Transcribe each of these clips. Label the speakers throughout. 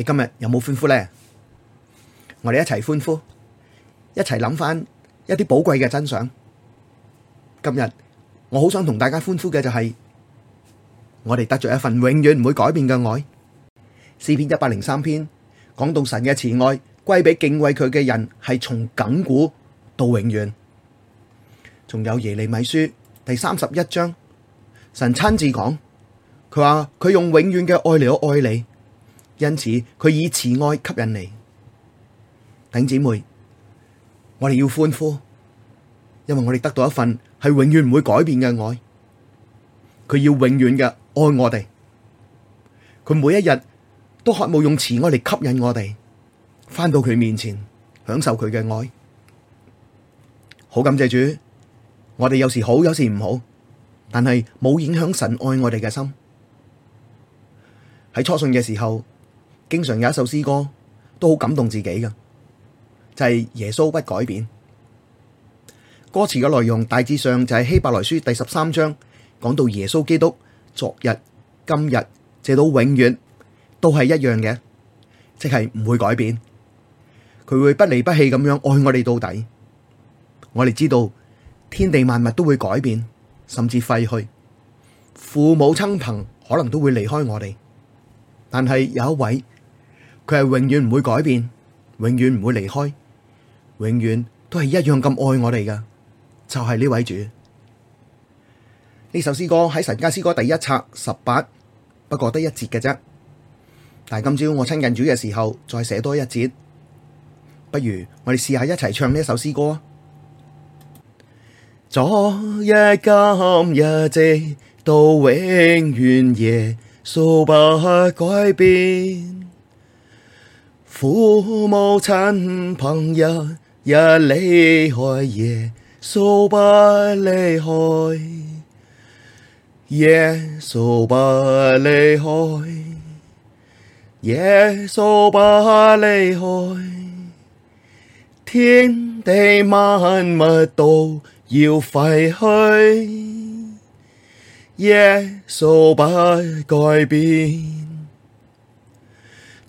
Speaker 1: 你今日有冇歡呼呢？我哋一齊歡呼，一齊諗翻一啲寶貴嘅真相。今日我好想同大家歡呼嘅就係，我哋得着一份永遠唔會改變嘅愛。詩篇一百零三篇講到神嘅慈愛歸俾敬畏佢嘅人，係從亙古到永遠。仲有耶利米書第三十一章，神親自講，佢話佢用永遠嘅愛嚟我愛你。因此，佢以慈愛吸引你，弟兄姊妹，我哋要歡呼，因為我哋得到一份係永遠唔會改變嘅愛。佢要永遠嘅愛我哋，佢每一日都渴望用慈愛嚟吸引我哋，返到佢面前享受佢嘅愛。好感謝主，我哋有時好，有時唔好，但係冇影響神愛我哋嘅心。喺初信嘅時候。經常有一首詩歌都好感動自己嘅，就係耶穌不改變。歌詞嘅內容大致上就係希伯來書第十三章講到耶穌基督昨日、今日、直到永遠都係一樣嘅，即係唔會改變。佢會不離不棄咁樣愛我哋到底。我哋知道天地萬物都會改變，甚至廢去，父母親朋可能都會離開我哋，但係有一位。佢係永遠唔會改變，永遠唔會離開，永遠都係一樣咁愛我哋噶，就係呢位主。呢首詩歌喺《神家詩歌》第一冊十八，不過得一節嘅啫。但係今朝我親近主嘅時候，再寫多一節。不如我哋試下一齊唱呢一首詩歌啊！昨日今日
Speaker 2: 直到永遠，耶穌不改變，父母親朋一一離開，耶穌不離開，耶穌不離開，耶穌不離開，天地萬物都要廢去，耶穌不改變。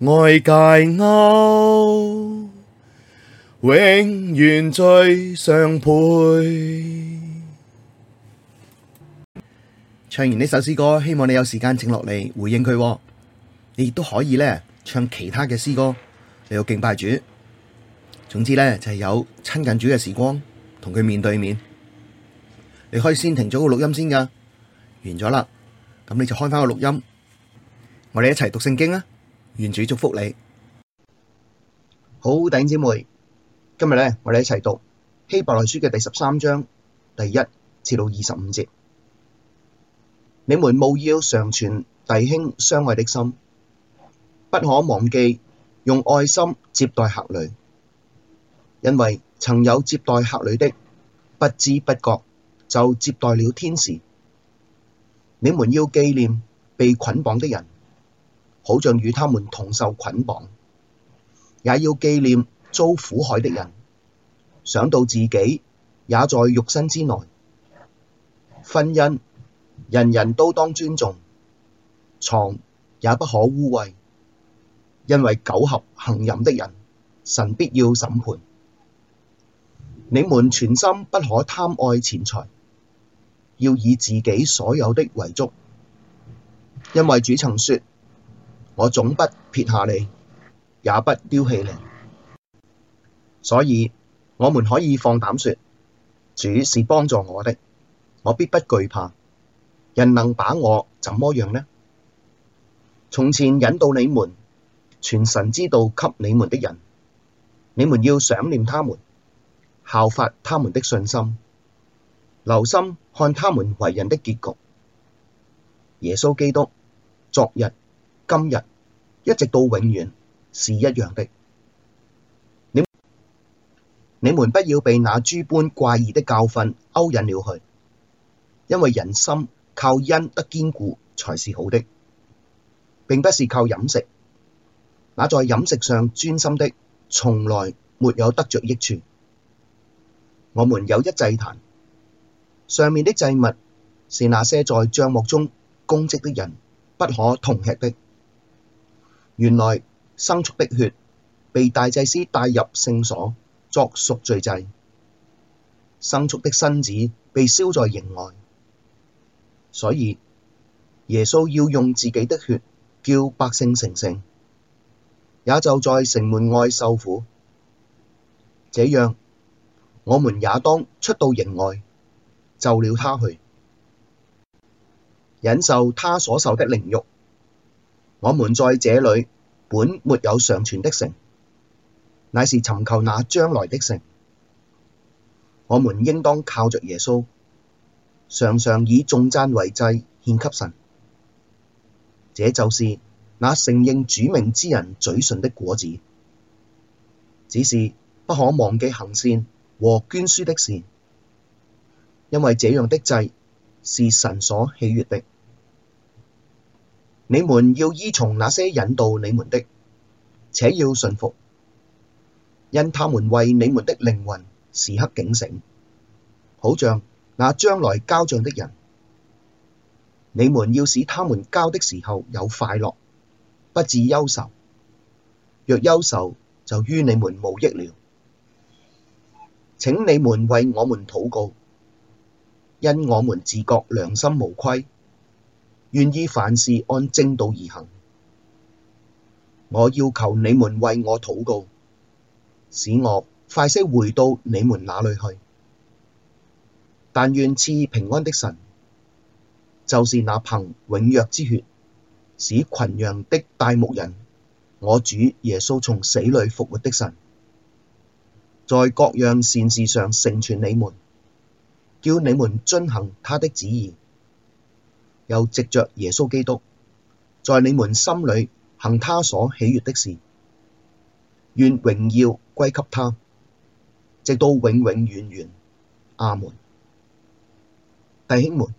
Speaker 2: 愛界勾，永遠最
Speaker 1: 相配。唱完呢首詩歌，希望你有時間請落嚟回應佢。你亦都可以咧唱其他嘅詩歌，你要敬拜主。總之咧就係、是、有親近主嘅時光，同佢面對面。你可以先停咗個錄音先噶，完咗啦，咁你就開翻個錄音，我哋一齊讀聖經啊！願主祝福你，好弟兄姐妹。今日咧，我哋一齊讀希伯來書嘅第十三章第一至到二十五節。你們務要常存弟兄相愛的心，不可忘記用愛心接待客旅，因為曾有接待客旅的，不知不覺就接待了天使。你們要記念被捆綁的人。好像與他們同受捆綁，也要紀念遭苦害的人，想到自己也在肉身之內，婚姻，人人都當尊重，床也不可污穢，因為苟合行淫的人，神必要審判。你們存心不可貪愛錢財，要以自己所有的為足，因為主曾說。我總不撇下你，也不丟棄你，所以我們可以放膽說，主是幫助我的，我必不懼怕。人能把我怎麼樣呢？從前引導你們傳神之道給你們的人，你們要想念他們，效法他們的信心，留心看他們為人的結局。耶穌基督，昨日。今日、一直到永遠、是一樣的。你們你們不要被那諸般怪異的教訓勾引了去，因為人心靠恩得堅固才是好的，並不是靠飲食。那在飲食上專心的，從來沒有得着益處。我們有一祭壇，上面的祭物是那些在帳幕中供職的人不可同吃的。原來牲畜的血被大祭司帶入聖所作贖罪祭，牲畜的身子被燒在營外。所以耶穌要用自己的血叫百姓成聖，也就在城門外受苦。這樣，我們也當出到營外，就了他去，忍受他所受的凌辱。我們在這裡本沒有常存的城，乃是尋求那將來的城。我們應當靠着耶穌，常常以頌讚為祭獻給神。這就是那承認主名之人嘴唇的果子。只是不可忘記行善和捐輸的事，因為這樣的祭是神所喜悅的。你們要依從那些引導你們的，且要順服，因他們為你們的靈魂時刻警醒，好像那將來交賬的人。你們要使他們交的時候有快樂，不致憂愁；若憂愁，就於你們無益了。請你們為我們禱告，因我們自覺良心無虧。願意凡事按正道而行，我要求你們為我禱告，使我快些回到你們那裡去。但願賜平安的神，就是那憑永約之血使群羊的大牧人，我主耶穌從死裡復活的神，在各樣善事上成全你們，叫你們遵行他的旨意。又藉着耶穌基督，在你們心裡行他所喜悅的事，願榮耀歸給他，直到永永遠遠。阿門。弟兄們，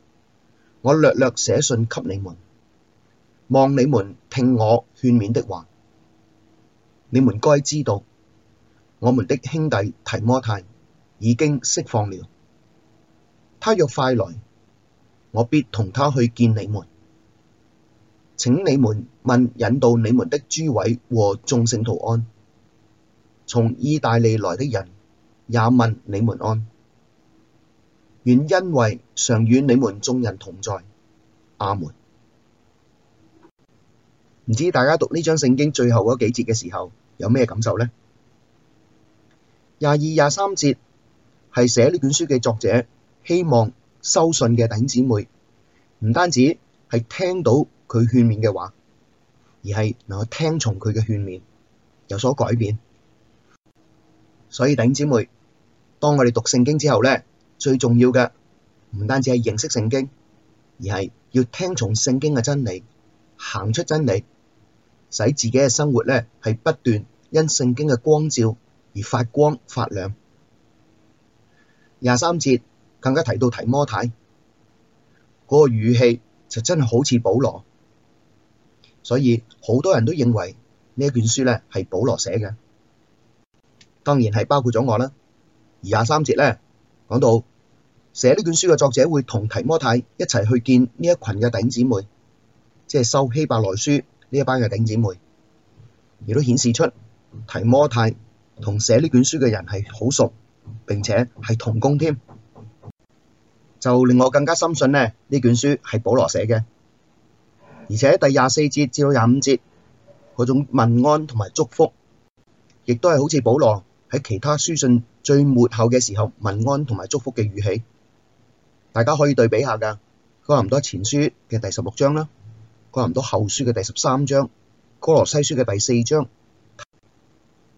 Speaker 1: 我略略寫信給你們，望你們聽我勸勉的話。你們該知道，我們的兄弟提摩太已經釋放了，他若快來。我必同他去見你們，請你們問引導你們的諸位和眾聖徒安。從意大利來的人也問你們安，願恩惠常與你們眾人同在。阿門。唔知大家讀呢章聖經最後嗰幾節嘅時候有咩感受呢？廿二廿三節係寫呢本書嘅作者希望收信嘅弟兄姊妹，唔單止係聽到佢勸勉嘅話，而係能夠聽從佢嘅勸勉有所改變。所以弟兄姊妹，當我哋讀聖經之後咧，最重要嘅唔單止係認識聖經，而係要聽從聖經嘅真理，行出真理，使自己嘅生活咧係不斷因聖經嘅光照而發光發亮。廿三節。更加提到提摩太嗰個語氣，就真係好似保羅，所以好多人都認為呢一卷書咧係保羅寫嘅，當然係包括咗我啦。而廿三節咧講到寫呢卷書嘅作者會同提摩太一齊去見呢一群嘅頂姊妹，即係收希伯來書呢一班嘅頂姊妹，亦都顯示出提摩太同寫呢卷書嘅人係好熟，並且係同工添。就令我更加深信咧，呢卷書係保羅寫嘅。而且第廿四節至到廿五節嗰種問安同埋祝福，亦都係好似保羅喺其他書信最末後嘅時候問安同埋祝福嘅語氣。大家可以對比下噶，哥林多前書嘅第十六章啦，哥林多後書嘅第十三章，哥羅西書嘅第四章，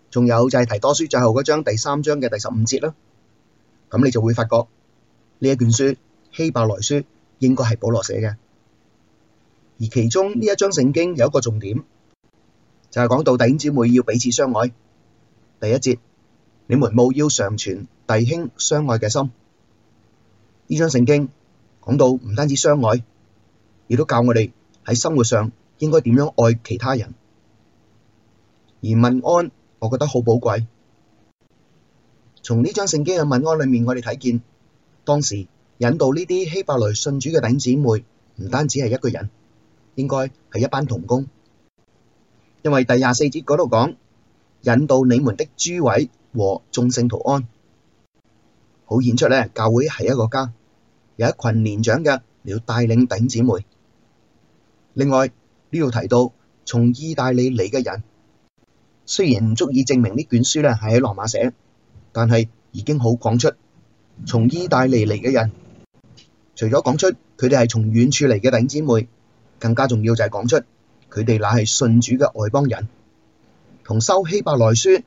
Speaker 1: 仲有就係提多書最後嗰章第三章嘅第十五節啦。咁你就會發覺。呢一卷書希伯來書應該係保羅寫嘅，而其中呢一張聖經有一個重點，就係、是、講到弟兄姊妹要彼此相愛。第一節，你們務要常存弟兄相愛嘅心。呢張聖經講到唔單止相愛，亦都教我哋喺生活上應該點樣愛其他人。而問安，我覺得好寶貴。從呢張聖經嘅問安裏面我，我哋睇見。當時引導呢啲希伯來信主嘅頂姊妹，唔單止係一個人，應該係一班同工，因為第廿四節嗰度講引導你們的諸位和眾聖徒安，好顯出咧教會係一個家，有一群年長嘅要帶領頂姊妹。另外呢度提到從意大利嚟嘅人，雖然唔足以證明呢卷書咧係喺羅馬寫，但係已經好講出。從意大利嚟嘅人，除咗講出佢哋係從遠處嚟嘅弟兄姊妹，更加重要就係講出佢哋乃係信主嘅外邦人，同收希伯來書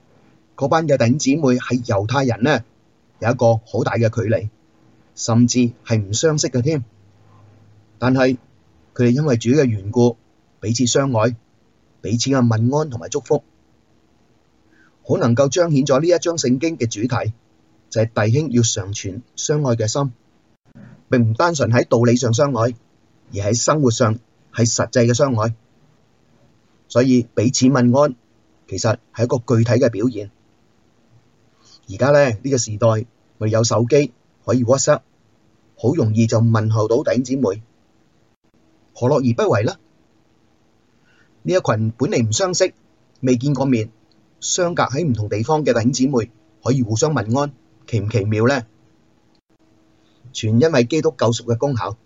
Speaker 1: 嗰班嘅弟兄姊妹係猶太人呢，有一個好大嘅距離，甚至係唔相識嘅添。但係佢哋因為主嘅緣故，彼此相愛，彼此嘅問安同埋祝福，好能夠彰顯咗呢一章聖經嘅主題。就係弟兄要常存相愛嘅心，並唔單純喺道理上相愛，而喺生活上係實際嘅相愛。所以彼此問安，其實係一個具體嘅表現。而家咧呢個時代，我哋有手機可以 WhatsApp，好容易就問候到弟兄姊妹，何樂而不為呢？呢一群本嚟唔相識、未見過面、相隔喺唔同地方嘅弟兄姊妹，可以互相問安。奇唔奇妙呢？全因為基督救贖嘅功效，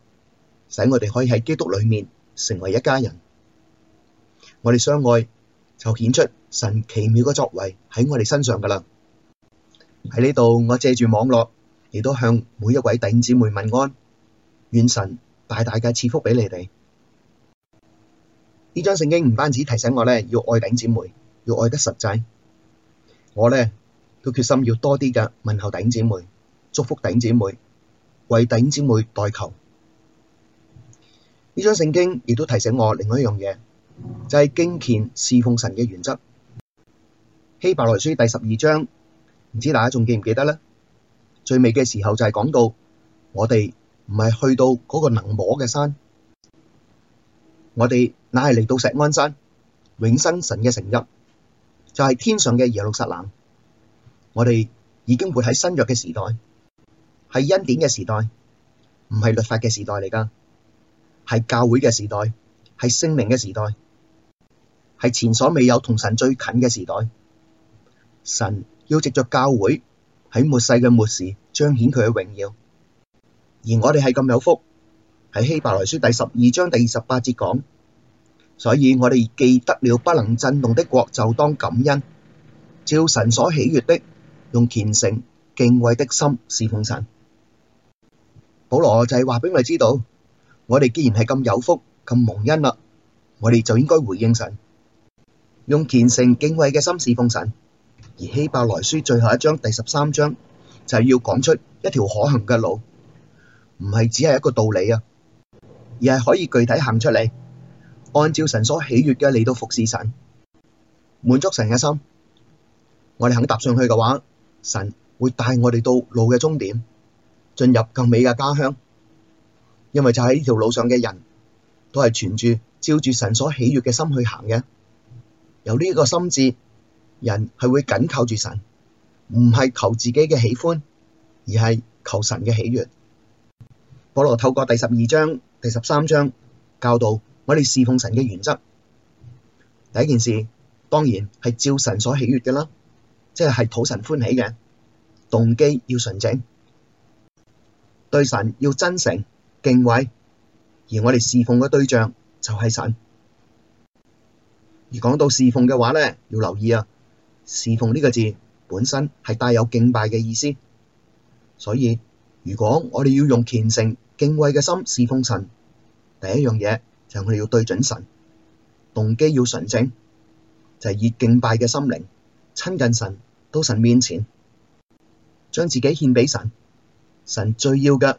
Speaker 1: 使我哋可以喺基督裏面成為一家人。我哋相愛，就顯出神奇妙嘅作為喺我哋身上㗎喇。喺呢度，我借住網絡，亦都向每一位弟兄姊妹問安，願神大大嘅賜福畀你哋。呢張聖經唔單止提醒我呢，要愛弟兄姊妹，要愛得實際。我呢。決心要多啲嘅問候弟兄姊妹，祝福弟兄姊妹，為弟兄姊妹代求。呢張聖經亦都提醒我另外一樣嘢，就係敬虔侍奉神嘅原則。希伯來書第十二章，唔知大家仲記唔記得呢？最尾嘅時候就係講到我哋唔係去到嗰個能摸嘅山，我哋乃係嚟到錫安山，永生神嘅城邑，就係天上嘅耶路撒冷。我哋已經活喺新約嘅時代，係恩典嘅時代，唔係律法嘅時代嚟噶，係教會嘅時代，係聖靈嘅時代，係前所未有同神最近嘅時代。神要藉着教會喺末世嘅末時彰顯佢嘅榮耀，而我哋係咁有福，喺希伯來書第十二章第二十八節講，所以我哋既得了不能震動的國就當感恩，照神所喜悅的。用虔誠敬畏的心侍奉神，保羅就係話俾我哋知道，我哋既然係咁有福咁蒙恩啦，我哋就應該回應神，用虔誠敬畏嘅心侍奉神。而希伯來書最後一章第十三章就係要講出一條可行嘅路，唔係只係一個道理啊，而係可以具體行出嚟，按照神所喜悅嘅嚟到服侍神，滿足神嘅心。我哋肯踏上去嘅話，神會帶我哋到路嘅終點，進入更美嘅家鄉。因為就喺呢條路上嘅人，都係存住照住神所喜悦嘅心去行嘅。由呢個心智，人係會緊靠住神，唔係求自己嘅喜歡，而係求神嘅喜悦。保羅透過第十二章、第十三章教導我哋侍奉神嘅原則。第一件事，當然係照神所喜悦嘅啦。即係討神歡喜嘅動機要純正，對神要真誠敬畏。而我哋侍奉嘅對象就係神。而講到侍奉嘅話咧，要留意啊，侍奉呢個字本身係帶有敬拜嘅意思，所以如果我哋要用虔誠敬畏嘅心侍奉神，第一樣嘢就係我哋要對準神，動機要純正，就係以敬拜嘅心靈親近神。到神面前，將自己獻畀神。神最要嘅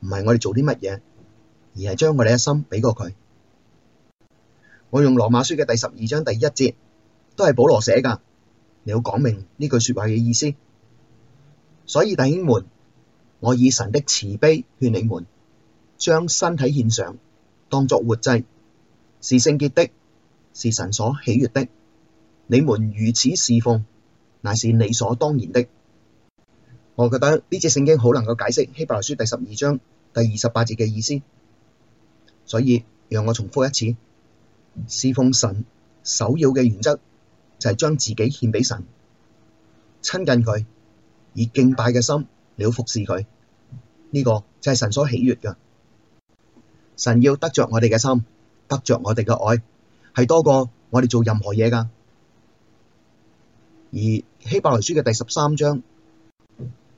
Speaker 1: 唔係我哋做啲乜嘢，而係將我哋嘅心畀過佢。我用羅馬書嘅第十二章第一節，都係保羅寫噶，你要講明呢句說話嘅意思。所以弟兄們，我以神的慈悲勸你們，將身體獻上，當作活祭，是聖潔的，是神所喜悅的。你們如此事奉。那是理所當然的。我覺得呢隻聖經好能夠解釋希伯來書第十二章第二十八節嘅意思。所以讓我重複一次，侍奉神首要嘅原則就係將自己獻俾神，親近佢，以敬拜嘅心嚟服侍佢。呢、這個就係神所喜悅嘅。神要得着我哋嘅心，得着我哋嘅愛，係多過我哋做任何嘢噶。而希伯來書嘅第十三章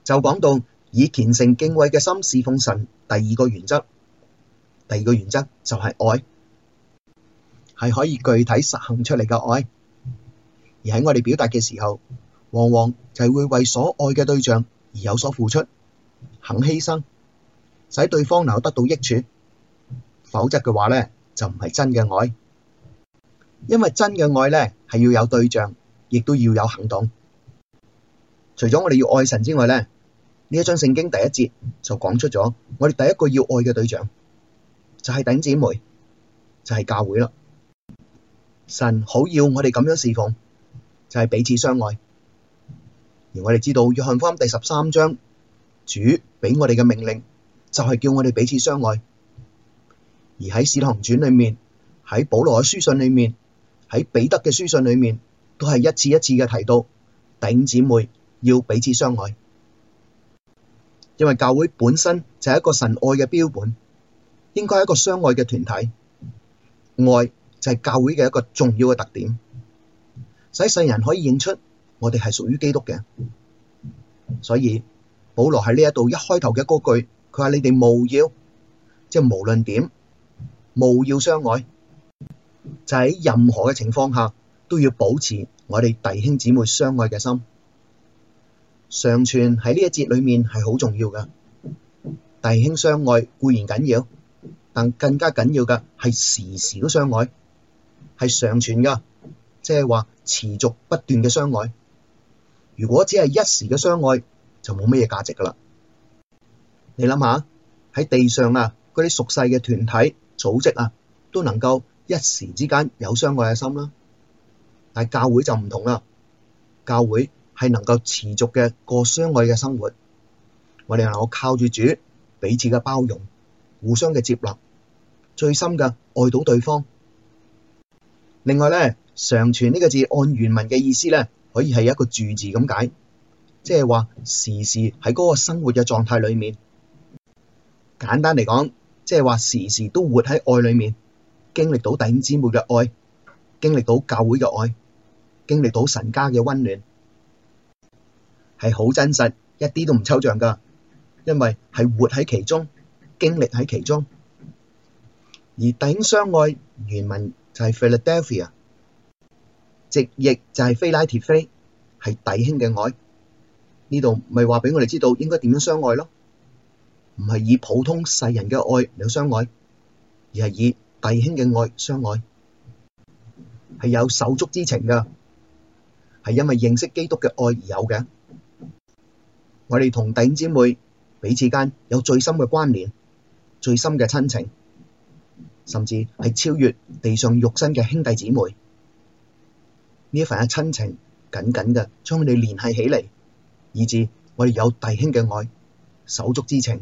Speaker 1: 就講到以虔誠敬畏嘅心侍奉神。第二個原則，第二個原則就係愛，係可以具體實行出嚟嘅愛。而喺我哋表達嘅時候，往往就係會為所愛嘅對象而有所付出，肯犧牲，使對方能夠得到益處。否則嘅話呢，就唔係真嘅愛，因為真嘅愛呢，係要有對象。亦都要有行動。除咗我哋要愛神之外咧，呢一章聖經第一節就講出咗，我哋第一個要愛嘅對象就係弟姊妹，就係教會啦。神好要我哋咁樣侍奉，就係彼此相愛。而我哋知道約翰福音第十三章，主俾我哋嘅命令就係叫我哋彼此相愛。而喺使徒行傳裏面，喺保羅嘅書信裏面，喺彼得嘅書信裏面。都係一次一次嘅提到，弟兄姊妹要彼此相愛，因為教會本身就係一個神愛嘅標本，應該係一個相愛嘅團體，愛就係教會嘅一個重要嘅特點，使世人可以認出我哋係屬於基督嘅。所以保羅喺呢一度一開頭嘅嗰句，佢話你哋務要，即係無論點，務要相愛，就喺任何嘅情況下。都要保持我哋弟兄姊妹相愛嘅心，常存。喺呢一節裏面係好重要噶。弟兄相愛固然緊要，但更加緊要嘅係時時都相愛，係常存噶，即係話持續不斷嘅相愛。如果只係一時嘅相愛，就冇乜嘢價值噶啦。你諗下喺地上啊，嗰啲熟世嘅團體組織啊，都能夠一時之間有相愛嘅心啦、啊。但教會就唔同啦，教會係能夠持續嘅過相愛嘅生活，我哋能夠靠住主，彼此嘅包容，互相嘅接納，最深嘅愛到對方。另外咧，常存呢個字按原文嘅意思咧，可以係一個住字咁解，即係話時時喺嗰個生活嘅狀態裏面，簡單嚟講，即係話時時都活喺愛裏面，經歷到弟兄姊妹嘅愛，經歷到教會嘅愛。經歷到神家嘅溫暖，係好真實，一啲都唔抽象噶，因為係活喺其中，經歷喺其中。而弟兄相愛原文就係 Philadelphia，直譯就係腓拉鐵非，係弟兄嘅愛。呢度咪話俾我哋知道應該點樣相愛咯？唔係以普通世人嘅愛嚟相愛，而係以弟兄嘅愛相愛，係有手足之情噶。係因為認識基督嘅愛而有嘅。我哋同弟兄姊妹彼此間有最深嘅關聯，最深嘅親情，甚至係超越地上肉身嘅兄弟姊妹。呢一份嘅親情，緊緊嘅將你聯繫起嚟，以至我哋有弟兄嘅愛，手足之情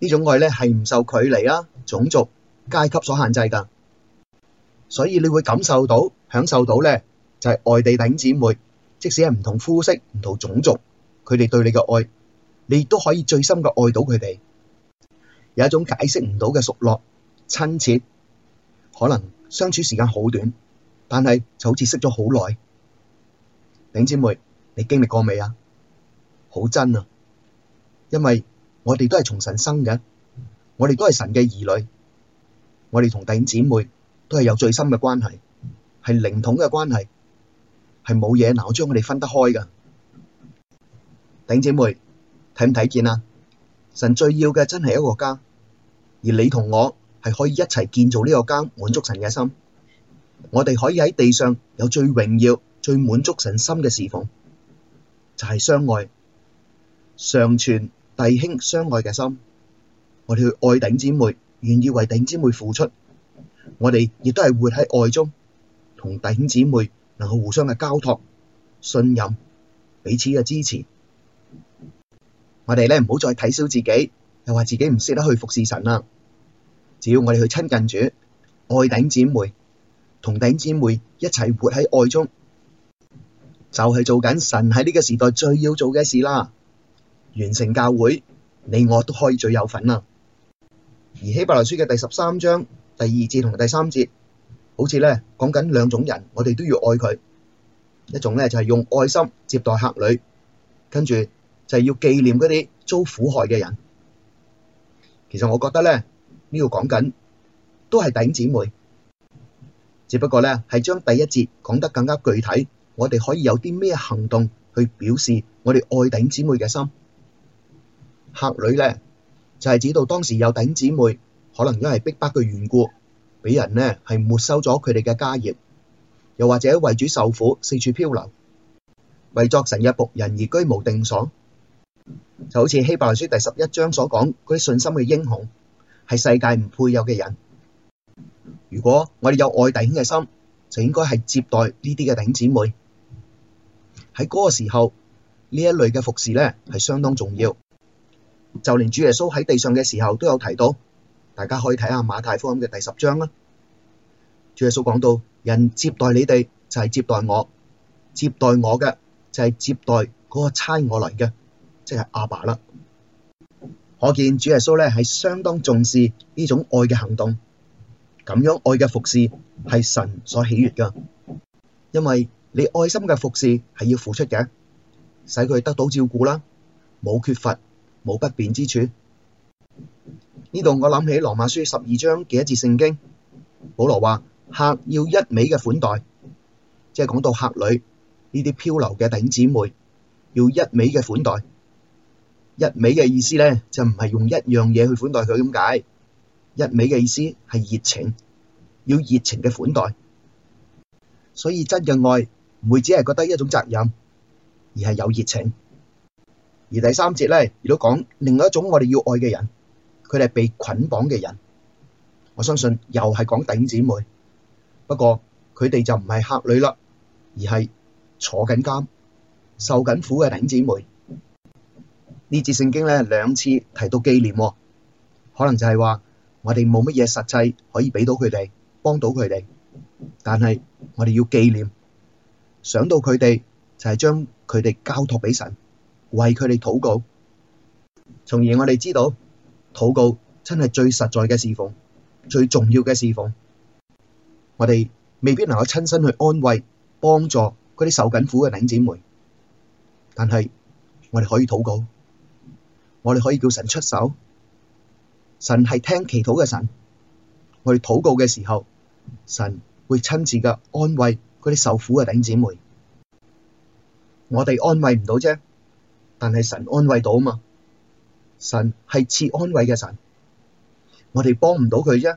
Speaker 1: 呢種愛咧，係唔受距離啦、種族、階級所限制噶，所以你會感受到，享受到咧。就係外地弟兄姊妹，即使係唔同膚色、唔同種族，佢哋對你嘅愛，你亦都可以最深嘅愛到佢哋。有一種解釋唔到嘅熟絡親切，可能相處時間好短，但係就好似識咗好耐。弟兄姊妹，你經歷過未啊？好真啊！因為我哋都係從神生嘅，我哋都係神嘅兒女，我哋同弟兄姊妹都係有最深嘅關係，係靈統嘅關係。係冇嘢嗱，我將我哋分得開噶，弟兄姊妹睇唔睇見啊？神最要嘅真係一個家，而你同我係可以一齊建造呢個家，滿足神嘅心。我哋可以喺地上有最榮耀、最滿足神心嘅事奉，就係相愛、常存弟兄相愛嘅心。我哋去愛弟兄姊妹，願意為弟兄姊妹付出，我哋亦都係活喺愛中，同弟兄姊妹。能夠互相嘅交託、信任、彼此嘅支持，我哋咧，唔好再睇小自己，又話自己唔識得去服侍神啦。只要我哋去親近主、愛頂姊妹、同頂姊妹一齊活喺愛中，就係做緊神喺呢個時代最要做嘅事啦。完成教會，你我都可以最有份啦。而希伯來書嘅第十三章第二節同第三節。好似咧講緊兩種人，我哋都要愛佢。一種咧就係用愛心接待客旅，跟住就係要紀念嗰啲遭苦害嘅人。其實我覺得咧，呢個講緊都係弟兄姊妹，只不過咧係將第一節講得更加具體，我哋可以有啲咩行動去表示我哋愛弟兄姊妹嘅心。客旅咧就係指到當時有弟兄姊妹，可能因為逼迫嘅緣故。俾人呢係沒收咗佢哋嘅家業，又或者為主受苦，四處漂流，為作神嘅僕人而居無定所，就好似希伯來書第十一章所講嗰啲信心嘅英雄，係世界唔配有嘅人。如果我哋有愛弟兄嘅心，就應該係接待呢啲嘅弟兄姊妹。喺嗰個時候，呢一類嘅服侍呢係相當重要，就連主耶穌喺地上嘅時候都有提到。大家可以睇下馬太福音嘅第十章啦，主耶穌講到，人接待你哋就係接待我，接待我嘅就係接待嗰個差我嚟嘅，即係阿爸啦。可見主耶穌咧係相當重視呢種愛嘅行動，咁樣愛嘅服侍係神所喜悅噶，因為你愛心嘅服侍係要付出嘅，使佢得到照顧啦，冇缺乏，冇不便之處。呢度我諗起羅馬書十二章嘅一節聖經，保羅話客要一味嘅款待，即係講到客旅，呢啲漂流嘅弟兄姊妹要一味嘅款待。一味嘅意思咧就唔係用一樣嘢去款待佢，噉解，一味嘅意思係熱情，要熱情嘅款待。所以真嘅愛唔會只係覺得一種責任，而係有熱情。而第三節咧亦都講另外一種我哋要愛嘅人。佢哋係被捆綁嘅人，我相信又係講頂姊妹，不過佢哋就唔係客旅啦，而係坐緊監、受緊苦嘅頂姊妹。聖呢節聖經咧兩次提到紀念、哦，可能就係話我哋冇乜嘢實際可以俾到佢哋，幫到佢哋，但係我哋要紀念，想到佢哋就係將佢哋交託俾神，為佢哋禱告，從而我哋知道。禱告真係最實在嘅侍奉，最重要嘅侍奉。我哋未必能夠親身去安慰、幫助嗰啲受緊苦嘅頂姊妹，但係我哋可以禱告，我哋可以叫神出手。神係聽祈禱嘅神，我哋禱告嘅時候，神會親自嘅安慰嗰啲受苦嘅頂姊妹。我哋安慰唔到啫，但係神安慰到啊嘛。神係賜安慰嘅神，我哋幫唔到佢啫，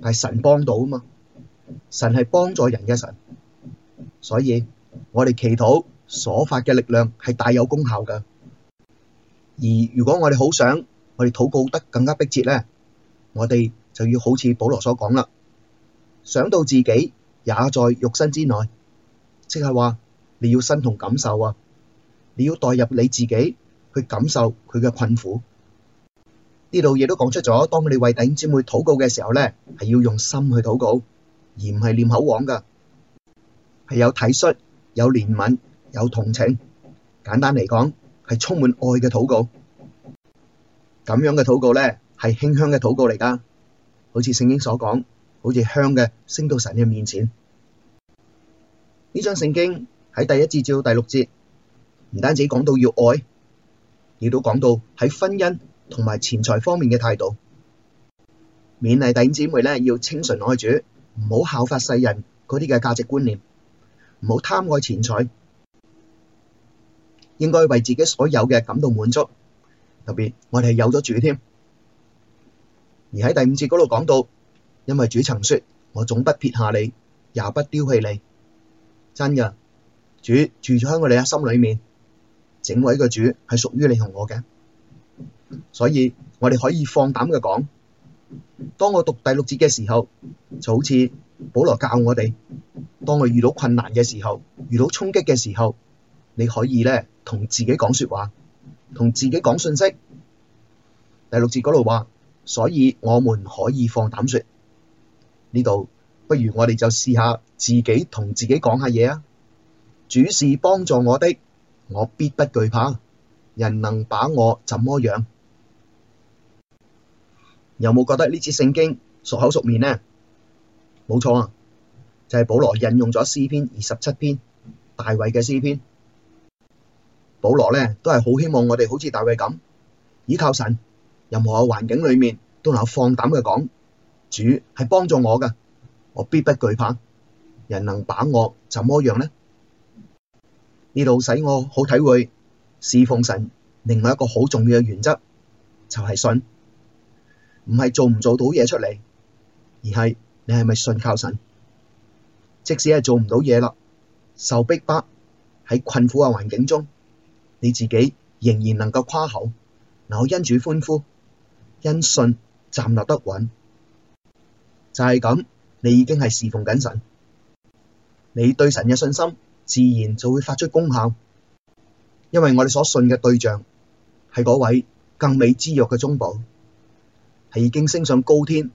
Speaker 1: 但係神幫到啊嘛。神係幫助人嘅神，所以我哋祈禱所發嘅力量係大有功效㗎。而如果我哋好想我哋禱告得更加迫切咧，我哋就要好似保羅所講啦，想到自己也在肉身之內，即係話你要身同感受啊，你要代入你自己。去感受佢嘅困苦，呢度亦都講出咗。當你為弟兄姊妹禱告嘅時候咧，係要用心去禱告，而唔係念口簧噶，係有體恤、有憐憫、有同情。簡單嚟講，係充滿愛嘅禱告。咁樣嘅禱告咧，係馨香嘅禱告嚟噶，好似聖經所講，好似香嘅升到神嘅面前。呢章聖經喺第一節至到第六節，唔單止講到要愛，亦都講到喺婚姻同埋錢財方面嘅態度，勉勵弟兄姊妹咧要清純愛主，唔好效法世人嗰啲嘅價值觀念，唔好貪愛錢財，應該為自己所有嘅感到滿足。特別我哋係有咗主添，而喺第五節嗰度講到，因為主曾說：我總不撇下你，也不丟棄你。真嘅，主住喺我哋嘅心裏面。整位嘅主係屬於你同我嘅，所以我哋可以放膽嘅講。當我讀第六節嘅時候，就好似保羅教我哋，當我遇到困難嘅時候，遇到衝擊嘅時候，你可以呢同自己講說話，同自己講信息。第六節嗰度話，所以我們可以放膽說。呢度不如我哋就試下自己同自己講下嘢啊！主是幫助我的。我必不懼怕，人能把我怎麼樣？有冇覺得呢節聖經熟口熟面呢？冇錯，就係啊，保羅引用咗詩篇二十七篇，大衛嘅詩篇。保羅咧都係好希望我哋好似大衛咁，依靠神，任何嘅環境裏面都能放膽去講，主係幫助我嘅，我必不懼怕，人能把我怎麼樣呢？呢度使我好體會侍奉神另外一個好重要嘅原則，就係信，唔係做唔做到嘢出嚟，而係你係咪信靠神？即使係做唔到嘢啦，受逼迫喺困苦嘅環境中，你自己仍然能夠誇口，能夠因主歡呼，因信站立得穩，就係咁，你已經係侍奉緊神，你對神嘅信心。自然就會發出功效，因為我哋所信嘅對象係嗰位更美之約嘅中保，係已經升上高天，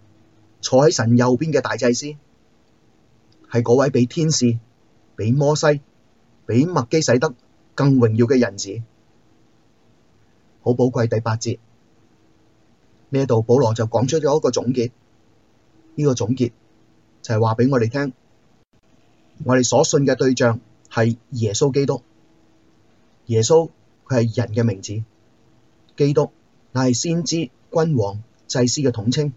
Speaker 1: 坐喺神右邊嘅大祭司，係嗰位比天使、比摩西、比麥基洗德更榮耀嘅人子。好寶貴。第八節呢度，保羅就講出咗一個總結，呢、呢個總結就係話俾我哋聽，我哋所信嘅對象。係耶穌基督，耶穌佢係人嘅名字，基督，那係先知、君王、祭司嘅統稱，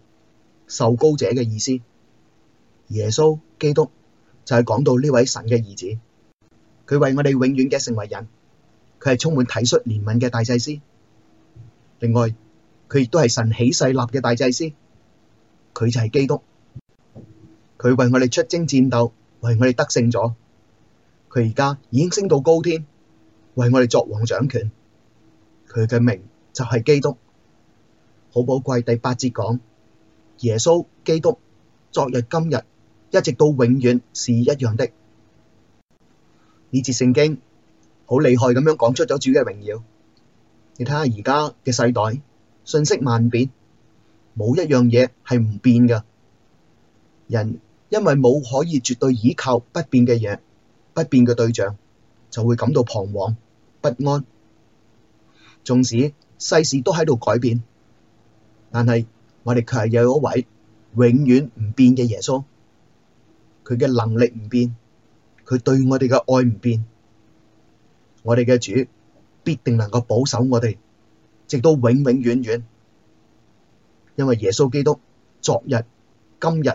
Speaker 1: 受膏者嘅意思。耶穌基督就係、是、講到呢位神嘅兒子，佢為我哋永遠嘅成為人，佢係充滿體恤憐憫嘅大祭司。另外，佢亦都係神起誓立嘅大祭司，佢就係基督，佢為我哋出征戰鬥，為我哋得勝咗。佢而家已經升到高天，為我哋作王掌權。佢嘅名就係基督。好寶貴，第八節講，耶穌基督，昨日、今日一直到永遠是一樣的。呢節聖經好厲害咁樣講出咗主嘅榮耀。你睇下而家嘅世代，瞬息萬變，冇一樣嘢係唔變噶人因為冇可以絕對倚靠不變嘅嘢不變嘅對象就會感到彷徨不安。縱使世事都喺度改變，但係我哋卻係有一位永遠唔變嘅耶穌，佢嘅能力唔變，佢對我哋嘅愛唔變，我哋嘅主必定能夠保守我哋，直到永永遠遠。因為耶穌基督昨日、今日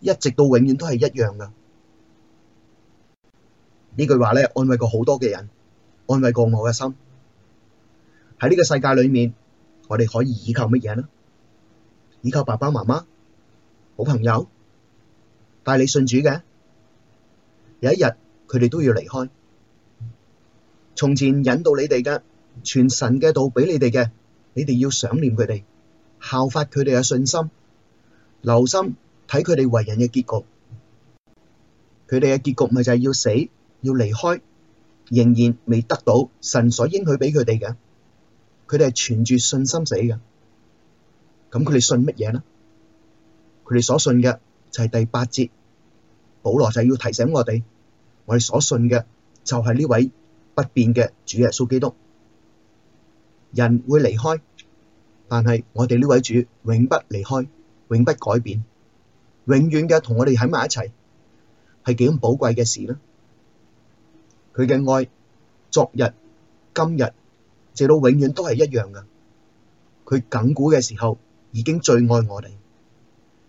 Speaker 1: 一直到永遠都係一樣嘅。呢句話咧安慰過好多嘅人，安慰過我嘅心。喺呢個世界裏面，我哋可以依靠乜嘢呢？倚靠爸爸媽媽、好朋友，帶你信主嘅，有一日佢哋都要離開。從前引導你哋嘅傳神嘅道畀你哋嘅，你哋要想念佢哋，效法佢哋嘅信心，留心睇佢哋為人嘅結局。佢哋嘅結局咪就係要死？要離開，仍然未得到神所應許俾佢哋嘅，佢哋係存住信心死嘅。咁佢哋信乜嘢呢？佢哋所信嘅就係第八節，保羅就要提醒我哋，我哋所信嘅就係呢位不變嘅主耶穌基督。人會離開，但係我哋呢位主永不離開，永不改變，永遠嘅同我哋喺埋一齊，係幾咁寶貴嘅事咧。佢嘅愛，昨日、今日、直到永遠都係一樣嘅。佢亙古嘅時候已經最愛我哋，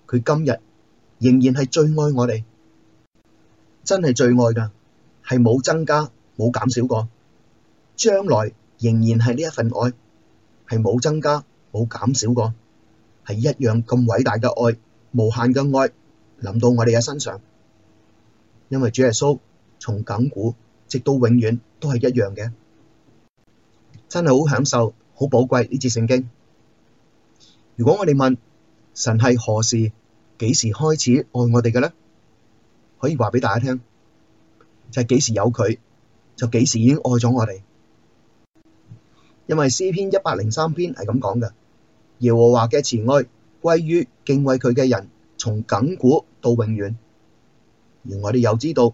Speaker 1: 佢今日仍然係最愛我哋，真係最愛噶，係冇增加冇減少過。將來仍然係呢一份愛，係冇增加冇減少過，係一樣咁偉大嘅愛、無限嘅愛臨到我哋嘅身上，因為主耶穌從亙古。直到永遠都係一樣嘅，真係好享受、好寶貴呢節聖經。如果我哋問神係何時、幾時開始愛我哋嘅咧？可以話俾大家聽，就係、是、幾時有佢，就幾時已經愛咗我哋。因為詩篇一百零三篇係咁講嘅，耶和華嘅慈愛歸於敬畏佢嘅人，從亙古到永遠。而我哋又知道。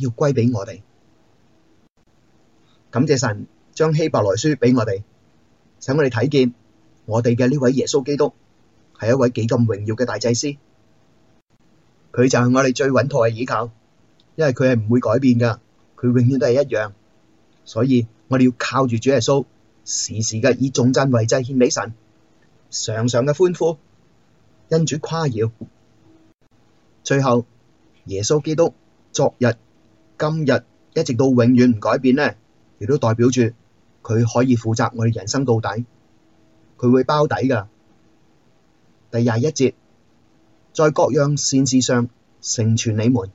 Speaker 1: 要歸俾我哋，感謝神將希伯來書俾我哋，請我哋睇見我哋嘅呢位耶穌基督係一位幾咁榮耀嘅大祭司。佢就係我哋最穩妥嘅依靠，因為佢係唔會改變噶，佢永遠都係一樣。所以我哋要靠住主耶穌，時時嘅以頌讚為祭獻俾神，常常嘅歡呼因主誇耀。最後，耶穌基督昨日。今日一直到永遠唔改變呢，亦都代表住佢可以負責我哋人生到底，佢會包底噶。第廿一節，在各樣善事上成全你們，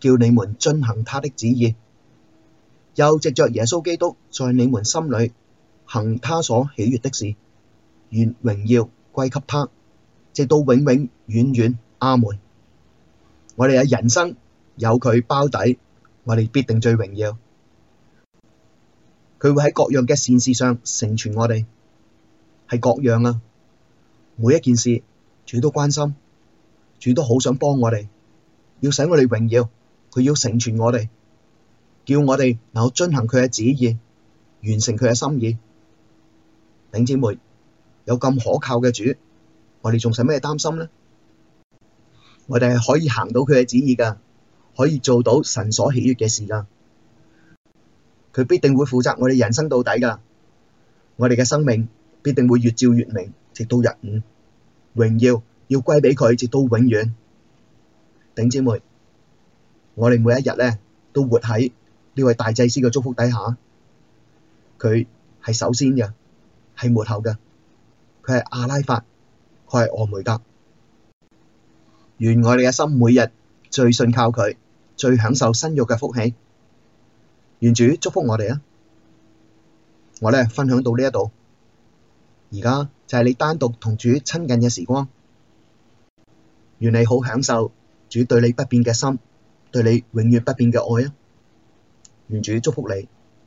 Speaker 1: 叫你們遵行他的旨意，又藉着耶穌基督在你們心裡行他所喜悦的事，願榮耀歸給他，直到永永遠遠，遠。阿門。我哋嘅人生有佢包底。我哋必定最榮耀，佢會喺各樣嘅善事上成全我哋，係各樣啊，每一件事，主都關心，主都好想幫我哋，要使我哋榮耀，佢要成全我哋，叫我哋能夠遵行佢嘅旨意，完成佢嘅心意。弟兄姊妹，有咁可靠嘅主，我哋仲使咩擔心呢？我哋係可以行到佢嘅旨意噶。可以做到神所喜悅嘅事啦！佢必定會負責我哋人生到底噶，我哋嘅生命必定會越照越明，直到日午，榮耀要歸畀佢，直到永遠。頂姐妹，我哋每一日咧都活喺呢位大祭司嘅祝福底下，佢係首先嘅，係末後嘅，佢係阿拉法，佢係俄梅戛。願我哋嘅心每日最信靠佢。最享受生育嘅福氣，願主祝福我哋啊！我咧分享到呢一度，而家就係你單獨同主親近嘅時光，願你好享受主對你不變嘅心，對你永遠不變嘅愛啊！願主祝福你。